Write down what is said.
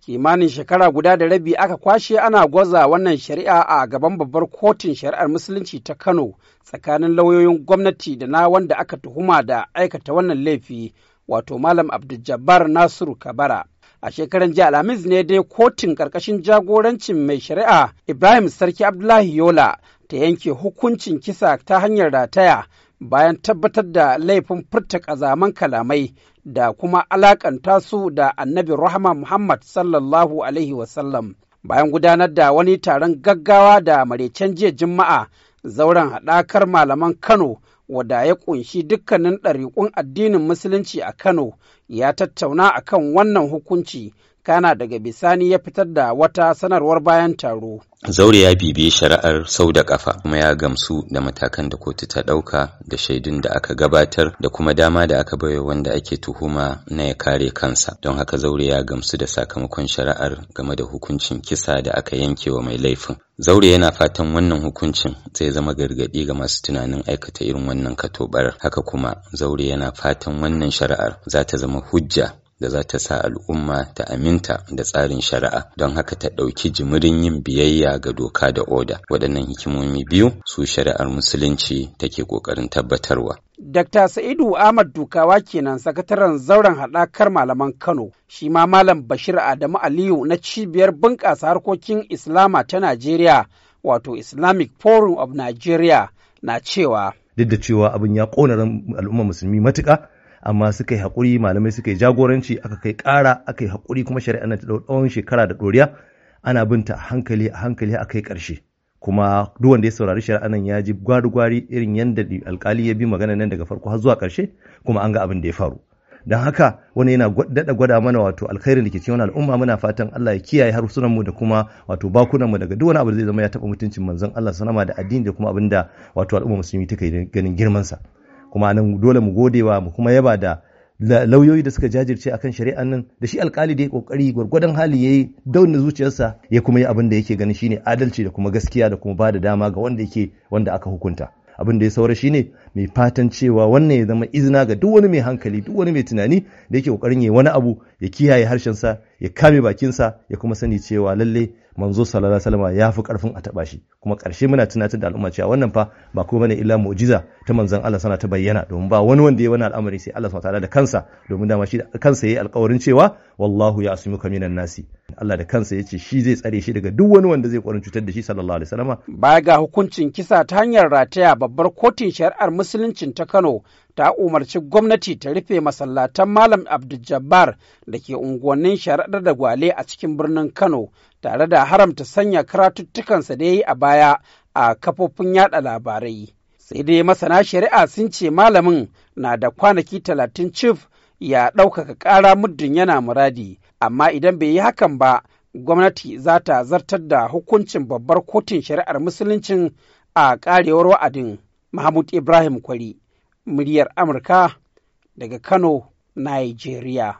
kimanin shekara guda da rabi aka kwashe ana gwaza wannan shari'a a gaban babbar kotun shari'ar musulunci ta kano tsakanin lauyoyin gwamnati da na wanda aka tuhuma da aikata wannan laifi wato malam abdujabbar nasiru kabara a shekaran jiya alhamis ne dai kotun karkashin jagorancin mai shari'a ibrahim sarki abdullahi yola ta yanke hukuncin kisa ta hanyar rataya bayan tabbatar da laifin furta ƙazaman kalamai da kuma alakanta su da annabi rahama Muhammad sallallahu Alaihi wasallam bayan gudanar da wani taron gaggawa da maraicen jiya Juma'a zauren haɗakar malaman Kano wada ya ƙunshi dukkanin ɗariƙun addinin Musulunci a Kano ya tattauna akan wannan hukunci kana daga bisani ya fitar da wata sanarwar bayan taro. Zaure ya bibiye shari'ar sau da kafa kuma ya gamsu da matakan da kotu ta ɗauka da shaidun da aka gabatar da kuma dama da aka baiwa wanda ake tuhuma na ya kare kansa. Don haka Zaure ya gamsu da sakamakon shari'ar game da hukuncin kisa da aka yanke wa mai laifin. Zaure yana fatan wannan hukuncin zai zama gargaɗi ga masu tunanin aikata irin wannan katobar. Haka kuma Zaure yana fatan wannan shari'ar za ta zama hujja da za ta sa al'umma ta aminta da tsarin shari'a don haka ta ɗauki jimirin yin biyayya ga doka da oda waɗannan hikimomi biyu su shari'ar musulunci take ƙoƙarin tabbatarwa Dr. Sa'idu Ahmad Dukawa kenan sakataren zauren haɗakar malaman Kano, shi ma Malam Bashir Adamu Aliyu na cibiyar bunƙasa harkokin Islama ta Najeriya, wato Islamic Forum of Nigeria na cewa. Duk da cewa abin ya ƙona al'ummar musulmi matuƙa, amma suka yi haƙuri malamai suka yi jagoranci aka kai ƙara aka yi haƙuri kuma shari'a na tsawon shekara da ɗoriya ana binta a hankali a hankali a kai ƙarshe kuma duk wanda ya saurari shari'a nan ya ji gwari-gwari irin yadda alkali ya bi magana nan daga farko har zuwa ƙarshe kuma an ga abin da ya faru don haka wani yana daɗa gwada mana wato alkhairin da ke cikin al'umma muna fatan Allah ya kiyaye harsunan mu da kuma wato bakunan mu daga duk wani abu da zai zama ya taɓa mutuncin manzon Allah sanama da addini da kuma abin da wato al'umma musulmi take ganin girman sa kuma nan dole mu gode wa mu kuma yaba da lauyoyi da suka jajirce akan shari'an nan da shi alkali da ya kokari gwargwadon hali yayi na zuciyarsa ya kuma yi abin da yake ganin shine adalci da kuma gaskiya da kuma ba da dama ga wanda yake wanda aka hukunta abin da ya saura shine mai fatan cewa wannan ya zama izina ga duk wani mai hankali duk wani mai tunani da yake kokarin yi wani abu ya kiyaye harshensa ya kame bakinsa ya kuma sani cewa lallai. manzo sallallahu alaihi wasallam ya fi karfin a taba shi kuma karshe muna tunatar da al'umma cewa wannan fa ba kuma ne illa mu'jiza ta manzon Allah sana ta bayyana domin ba wani wanda yayi wannan al'amari sai Allah subhanahu wa ta'ala da kansa domin dama shi da kansa yayi alƙawarin cewa wallahu ya asmuka minan nasi Allah da kansa ya ce shi zai tsare shi daga duk wani wanda zai ƙwarin cutar da shi sallallahu alaihi wasallama baya ga hukuncin kisa ta hanyar rataya babbar kotun shari'ar musuluncin ta Kano ta umarci gwamnati ta rufe masallatan Malam abdul da ke unguwannin shari'ar da gwale a cikin birnin Kano tare da haramta sanya karatuttukansa da ya yi a baya a kafofin yada labarai. Sai dai masana shari'a sun ce malamin na da kwanaki talatin cif ya ɗaukaka ƙara muddin yana muradi amma idan bai yi hakan ba gwamnati za ta zartar da hukuncin babbar kotun shari'ar musuluncin a ƙarewar wa'adin mahmud ibrahim kwari muryar amurka daga kano nigeria